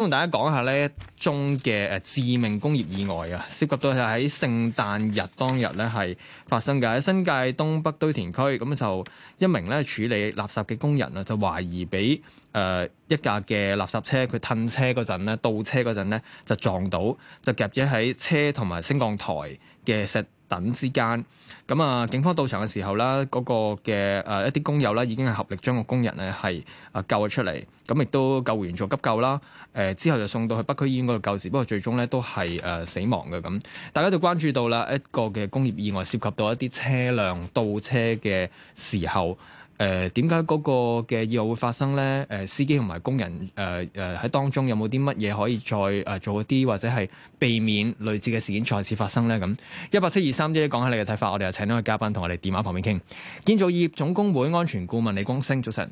同大家講下呢一宗嘅誒致命工業意外啊，涉及到係喺聖誕日當日呢係發生嘅，喺新界東北堆填區，咁就一名呢處理垃圾嘅工人啊，就懷疑俾誒、呃、一架嘅垃圾車佢褪車嗰陣呢，倒車嗰陣呢，就撞到，就夾咗喺車同埋升降台嘅石。等之間，咁啊，警方到場嘅時候啦，嗰、嗰個嘅誒一啲工友啦，已經係合力將個工人咧係啊救咗出嚟，咁亦都救援員做急救啦，誒之後就送到去北區醫院嗰度救治，不過最終咧都係誒死亡嘅。咁，大家就關注到啦一個嘅工業意外涉及到一啲車輛倒車嘅時候。誒點解嗰個嘅意外會發生咧？誒、呃、司機同埋工人誒誒喺當中有冇啲乜嘢可以再誒、呃、做一啲，或者係避免類似嘅事件再次發生咧？咁一八七二三一講下你嘅睇法。我哋又請咗個嘉賓同我哋電話旁邊傾。建造業總工會安全顧問李光昇早晨，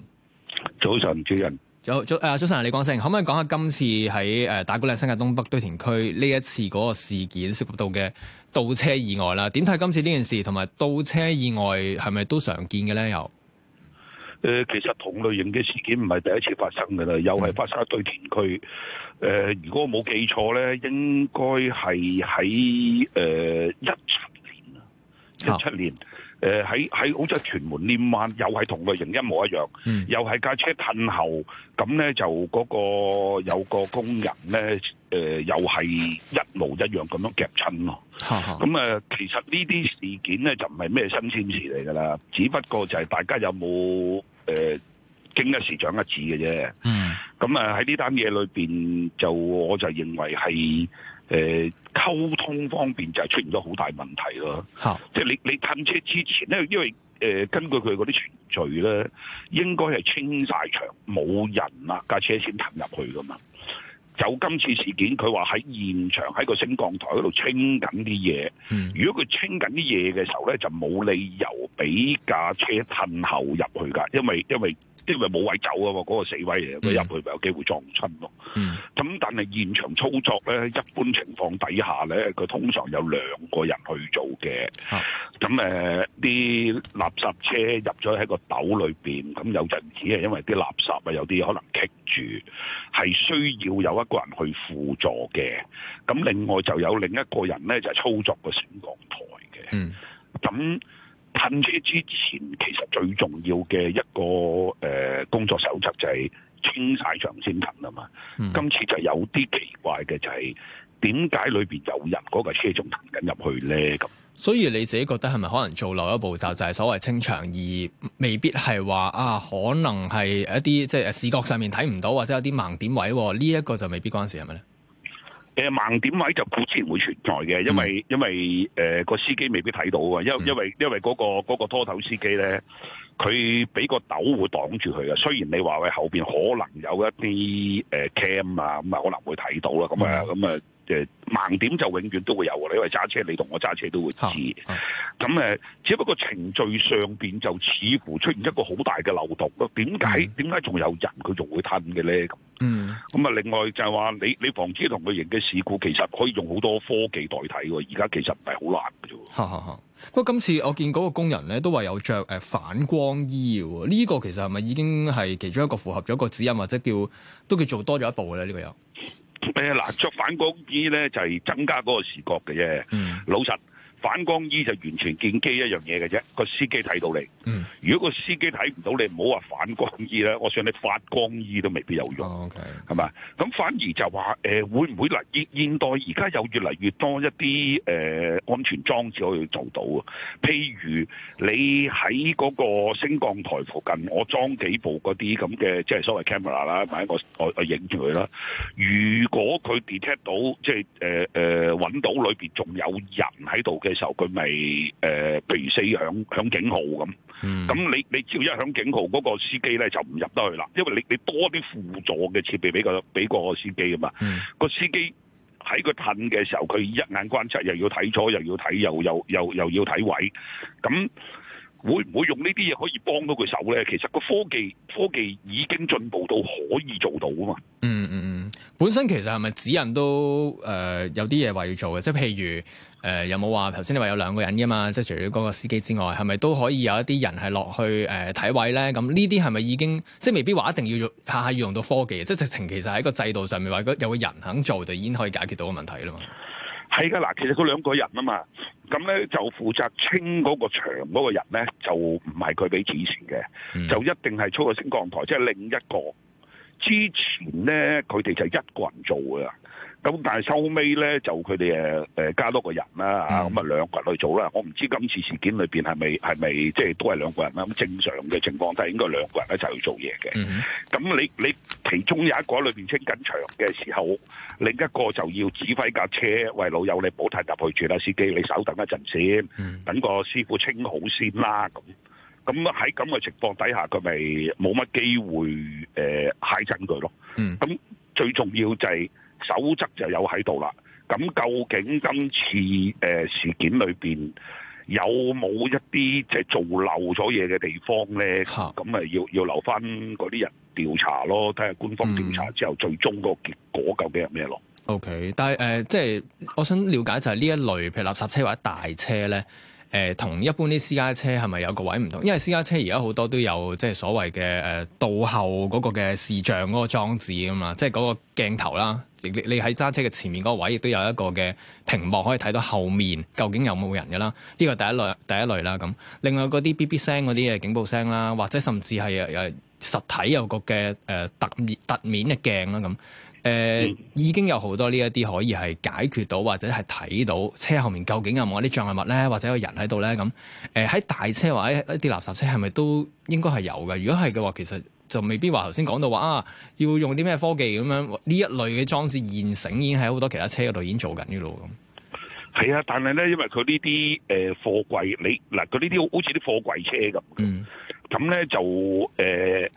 早晨人早、啊，早晨，主持人早早，誒，早晨李光昇，可唔可以講下今次喺誒、呃、打鼓嶺新界東北堆填區呢一次嗰個事件涉及到嘅倒車意外啦？點睇今次呢件事，同埋倒車意外係咪都常見嘅咧？又？誒，其實同類型嘅事件唔係第一次發生嘅啦，又係發生喺堆填區。誒、呃，如果我冇記錯咧，應該係喺誒一七年啊，一、呃、七年。17年誒喺喺好似係屯門稔灣，又係同類型一模一樣，嗯、又係架車褪後，咁咧就嗰個有個工人咧，誒、呃、又係一模一樣咁樣夾親咯。咁啊呵、嗯呃，其實呢啲事件咧就唔係咩新鮮事嚟㗎啦，只不過就係大家有冇誒？呃經一事長一智嘅啫，咁啊喺呢單嘢裏邊就我就認為係誒溝通方面就係出現咗好大問題咯，oh. 即係你你褪車，之前咧，因為誒、呃、根據佢嗰啲程序咧，應該係清晒場冇人啊，架車先褪入去噶嘛。就今次事件，佢話喺現場喺個升降台嗰度清緊啲嘢。嗯、如果佢清緊啲嘢嘅時候咧，就冇理由俾架車褪後入去㗎，因為因為因為冇位走啊嘛，嗰、嗰個、死位嚟，佢入去咪有機會撞親咯。咁、嗯嗯、但係現場操作咧，一般情況底下咧，佢通常有兩個人去做嘅。咁誒啲垃圾車入咗喺個斗裏邊，咁有陣時係因為啲垃圾啊，有啲可能棘。住係需要有一個人去輔助嘅，咁另外就有另一個人咧就是、操作個升降台嘅。咁褪、嗯、車之前其實最重要嘅一個誒、呃、工作手則就係清晒場先褪啊嘛。嗯、今次就有啲奇怪嘅就係點解裏邊有人嗰個車仲褪緊入去咧？咁。所以你自己覺得係咪可能做漏一步驟，就係所謂清場，而未必係話啊，可能係一啲即係視覺上面睇唔到，或者有啲盲點位，呢、這、一個就未必關事，係咪咧？誒、呃，盲點位就梗之然會存在嘅，因為、嗯、因為誒個、呃、司機未必睇到嘅，因為因為因為嗰個拖頭司機咧。佢俾個斗會擋住佢啊。雖然你話喂後面可能有一啲 cam 啊，咁、呃、啊可能會睇到啦，咁啊咁啊誒盲點就永遠都會有，你因為揸車你同我揸車都會知。咁誒、oh.，只不過程序上面就似乎出現一個好大嘅漏洞，點解點解仲有人佢仲會褪嘅咧？咁咁啊，另外就係話你你防止同佢型嘅事故，其實可以用好多科技代替喎。而家其實唔係好難㗎啫。Oh. 不過今次我見嗰個工人咧，都話有着反光衣喎，呢個其實係咪已經係其中一個符合咗個指引，或者叫都叫做多咗一步嘅咧？呢個有。誒嗱，着反光衣咧就係增加嗰個視覺嘅啫，老實、嗯。反光衣就完全見機一樣嘢嘅啫，個司機睇到你。嗯、如果個司機睇唔到你，唔好話反光衣啦。我想你發光衣都未必有用，係嘛、哦？咁、okay、反而就話誒、呃，會唔會嗱？現代而家有越嚟越多一啲誒、呃、安全裝置可以做到啊。譬如你喺嗰個升降台附近，我裝幾部嗰啲咁嘅，即係所謂 camera 啦，或者我我影住佢啦。如果佢 detect 到，即係誒誒揾到裏邊仲有人喺度嘅。嘅時候他，佢咪誒譬如四響響警號咁，咁、嗯、你你只要一響警號，嗰個司機咧就唔入得去啦，因為你你多啲輔助嘅設備俾個俾個司機啊嘛，個、嗯、司機喺佢駛嘅時候，佢一眼觀察又要睇左又要睇又又又又要睇位，咁會唔會用呢啲嘢可以幫到佢手咧？其實個科技科技已經進步到可以做到啊嘛。嗯嗯。嗯本身其實係咪指引都誒、呃、有啲嘢話要做嘅？即係譬如誒、呃、有冇話頭先你話有兩個人㗎嘛？即係除咗嗰個司機之外，係咪都可以有一啲人係落去誒睇、呃、位咧？咁呢啲係咪已經即係未必話一定要用下下要用到科技？即係直情其實喺個制度上面話有個人肯做就已經可以解決到個問題啦嘛？係㗎嗱，其實嗰兩個人啊嘛，咁咧就負責清嗰個場嗰個人咧就唔係佢俾指示嘅，就一定係操個升降台，即、就、係、是、另一個。之前咧，佢哋就一個人做噶，咁但係收尾咧就佢哋誒誒加多個人啦嚇，咁啊兩個人去做啦。我唔知今次事件裏邊係咪係咪即係都係兩個人啦。咁正常嘅情況都係應該兩個人一齊去做嘢嘅。咁你你其中有一個喺裏面清緊場嘅時候，另一個就要指揮架車，喂老友你唔好太踏去住啦，司機你稍等一陣先，等個師傅清好先啦咁。咁喺咁嘅情況底下，佢咪冇乜機會誒揩親佢咯？嗯，咁最重要就係守則就有喺度啦。咁究竟今次誒、呃、事件裏面有冇一啲即係做漏咗嘢嘅地方咧？咁咪哈要要留翻嗰啲人調查咯，睇下官方調查之後、嗯、最終個結果究竟係咩咯？OK，但係、呃、即係我想了解就係呢一類，譬如垃圾車或者大車咧。誒同、呃、一般啲私家車係咪有個位唔同？因為私家車而家好多都有即係所謂嘅誒倒後嗰個嘅視像嗰個裝置吖嘛，即係嗰個鏡頭啦。你你喺揸車嘅前面嗰個位，亦都有一個嘅屏幕可以睇到後面究竟有冇人㗎啦。呢個第一類，第一類啦咁。另外嗰啲 B B 聲嗰啲嘅警報聲啦，或者甚至係誒實體有個嘅誒凸凸面嘅鏡啦咁。誒，嗯嗯、已經有好多呢一啲可以係解決到，或者係睇到車後面究竟有冇啲障礙物咧，或者有人喺度咧咁。誒，喺、呃、大車或喺一啲垃圾車，係咪都應該係有嘅？如果係嘅話，其實就未必話頭先講到話啊，要用啲咩科技咁樣呢一類嘅裝置現成，已經喺好多其他車嗰度已經做緊嘅咯。咁係啊，但係咧，因為佢呢啲誒貨櫃，你嗱佢呢啲好似啲貨櫃車咁，咁咧、嗯、就誒。呃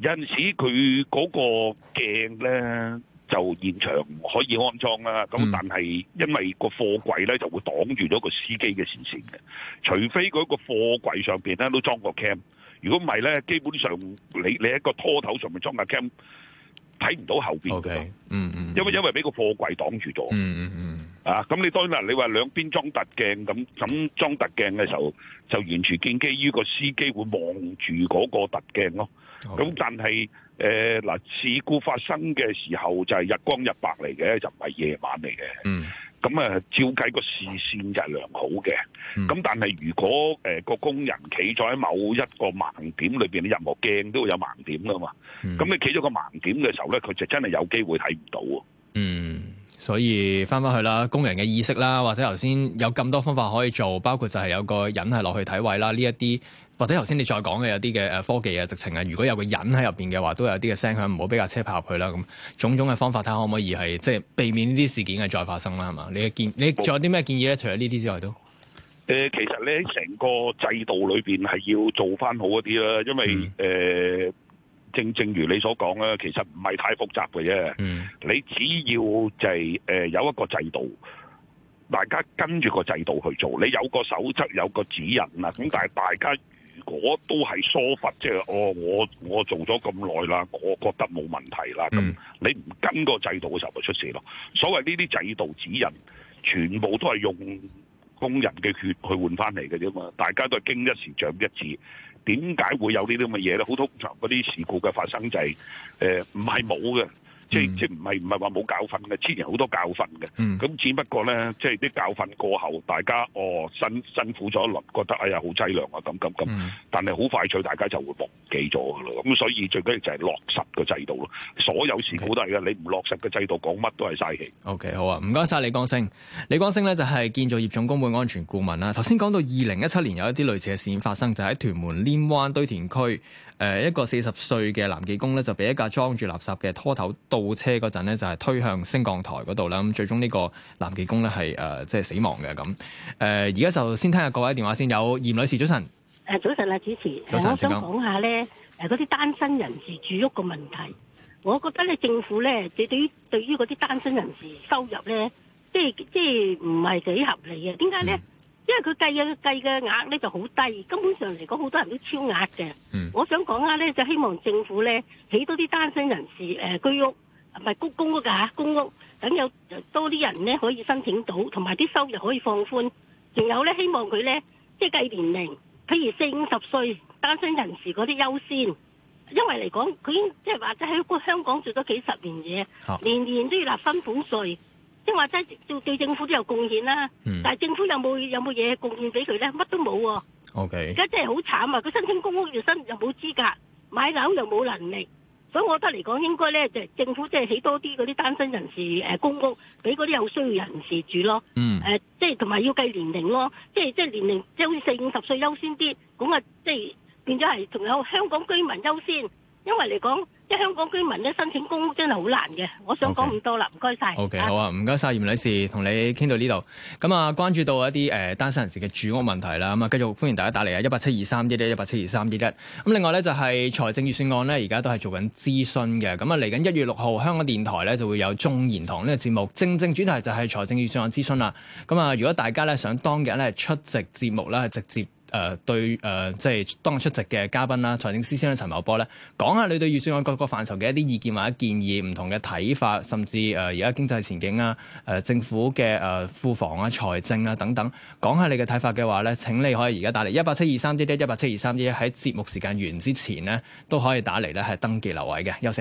有陣時佢嗰個鏡咧，就現場可以安裝啦。咁但係因為個貨櫃咧就會擋住咗個司機嘅視線嘅，除非嗰個貨櫃上邊咧都裝個 cam。如果唔係咧，基本上你你喺個拖頭上面裝個 cam，睇唔到後邊嘅。嗯嗯。因為因為俾個貨櫃擋住咗。嗯嗯嗯。啊，咁你當然啦，你話兩邊裝凸鏡咁，咁裝凸鏡嘅時候就完全建基於個司機會望住嗰個凸鏡咯。咁 Okay. 但係，誒、呃、嗱，事故發生嘅時候就係日光日白嚟嘅，就唔係夜晚嚟嘅。Mm. 嗯。咁啊，照計個視線就係良好嘅。咁、mm. 但係如果，誒、呃、個工人企咗喺某一個盲點裏面，你任何鏡都會有盲點噶嘛。咁、mm. 你企咗個盲點嘅時候咧，佢就真係有機會睇唔到，嗯。Mm. 所以翻翻去啦，工人嘅意識啦，或者頭先有咁多方法可以做，包括就係有個人係落去睇位啦，呢一啲或者頭先你再講嘅有啲嘅誒科技啊、直情啊，如果有個人喺入邊嘅話，都有啲嘅聲響，唔好俾架車拍入去啦。咁種種嘅方法睇下可唔可以係即係避免呢啲事件係再發生啦，係嘛？你嘅建，你仲有啲咩建議咧？除咗呢啲之外都誒，其實你喺成個制度裏邊係要做翻好一啲啦，因為誒。嗯正正如你所講，啦，其實唔係太複雜嘅啫。嗯、你只要就係、是、誒、呃、有一個制度，大家跟住個制度去做。你有個守則，有個指引啊。咁但係大家如果都係疏忽，即、就、係、是、哦，我我做咗咁耐啦，我覺得冇問題啦。咁、嗯、你唔跟個制度嘅時候咪出事咯。所謂呢啲制度指引，全部都係用工人嘅血去換翻嚟嘅啫嘛。大家都係經一事，長一智。點解會有這些呢啲咁嘅嘢咧？好通常嗰啲事故嘅發生就係、是、誒，唔係冇嘅。嗯、即即唔係唔係話冇教訓嘅，之前好多教訓嘅。咁、嗯、只不過咧，即係啲教訓過後，大家哦辛辛苦咗一輪，覺得哎呀好淒涼啊咁咁咁。嗯、但係好快脆，大家就會忘記咗噶啦。咁所以最緊要就係落實個制度咯。所有事故都係 Okay. 你唔落實個制度，講乜都係嘥氣。O、okay, K，好啊，唔該晒。李光昇，李光昇咧就係建造業總工會安全顧問啦。頭先講到二零一七年有一啲類似嘅事件發生，就喺、是、屯門稔灣堆填區，誒一個四十歲嘅男技工咧就俾一架裝住垃圾嘅拖頭。部車嗰陣咧，就係推向升降台嗰度啦。咁最終呢個男技工咧係誒即係死亡嘅。咁誒而家就先聽下各位電話先。有嚴女士，早晨。誒，早晨啊，主持。早晨。我想講下咧，誒嗰啲單身人士住屋個問題。我覺得咧，政府咧，你對於對於嗰啲單身人士收入咧，即係即係唔係幾合理啊？點解咧？嗯、因為佢計嘅計嘅額咧就好低，根本上嚟講好多人都超額嘅。嗯、我想講下咧，就希望政府咧起多啲單身人士誒居屋。唔係公公屋噶吓，公屋等有多啲人咧可以申請到，同埋啲收入可以放寬。仲有咧，希望佢咧即係計年齡，譬如四五十歲單身人士嗰啲優先，因為嚟講佢即係或者喺香港做咗幾十年嘢，年年都要納分款稅，即係話真對政府都有貢獻啦。但係政府有冇有冇嘢貢獻俾佢咧？乜都冇。O K，而家真係好慘啊！佢申請公屋要申又冇資格，買樓又冇能力。所以，我覺得嚟講應該咧，就政府即係起多啲嗰啲單身人士誒公屋，俾嗰啲有需要人士住咯。誒，即係同埋要計年齡咯，即係即係年齡，即係好似四五十歲優先啲。咁啊，即係變咗係仲有香港居民優先，因為嚟講。香港居民一申請公屋真係好難嘅，我想講唔多啦，唔該晒。Okay. OK，好啊，唔該晒。葉女士，同你傾到呢度。咁啊，關注到一啲誒、呃、單身人士嘅住屋問題啦，咁啊，繼續歡迎大家打嚟啊，一八七二三一一一八七二三一一。咁另外咧就係、是、財政預算案咧，而家都係做緊諮詢嘅。咁啊，嚟緊一月六號，香港電台咧就會有眾言堂呢個節目，正正主題就係財政預算案諮詢啦。咁啊，如果大家咧想當日咧出席節目啦，直接。誒、呃、對誒、呃，即係當日出席嘅嘉賓啦，財政司司長陳茂波咧，講下你對預算案各個範疇嘅一啲意見或者建議，唔同嘅睇法，甚至誒而家經濟前景啊、誒、呃、政府嘅誒庫房啊、財政啊等等，講下你嘅睇法嘅話咧，請你可以而家打嚟一八七二三一一，一八七二三一一，喺節目時間完之前咧，都可以打嚟咧，係登記留位嘅。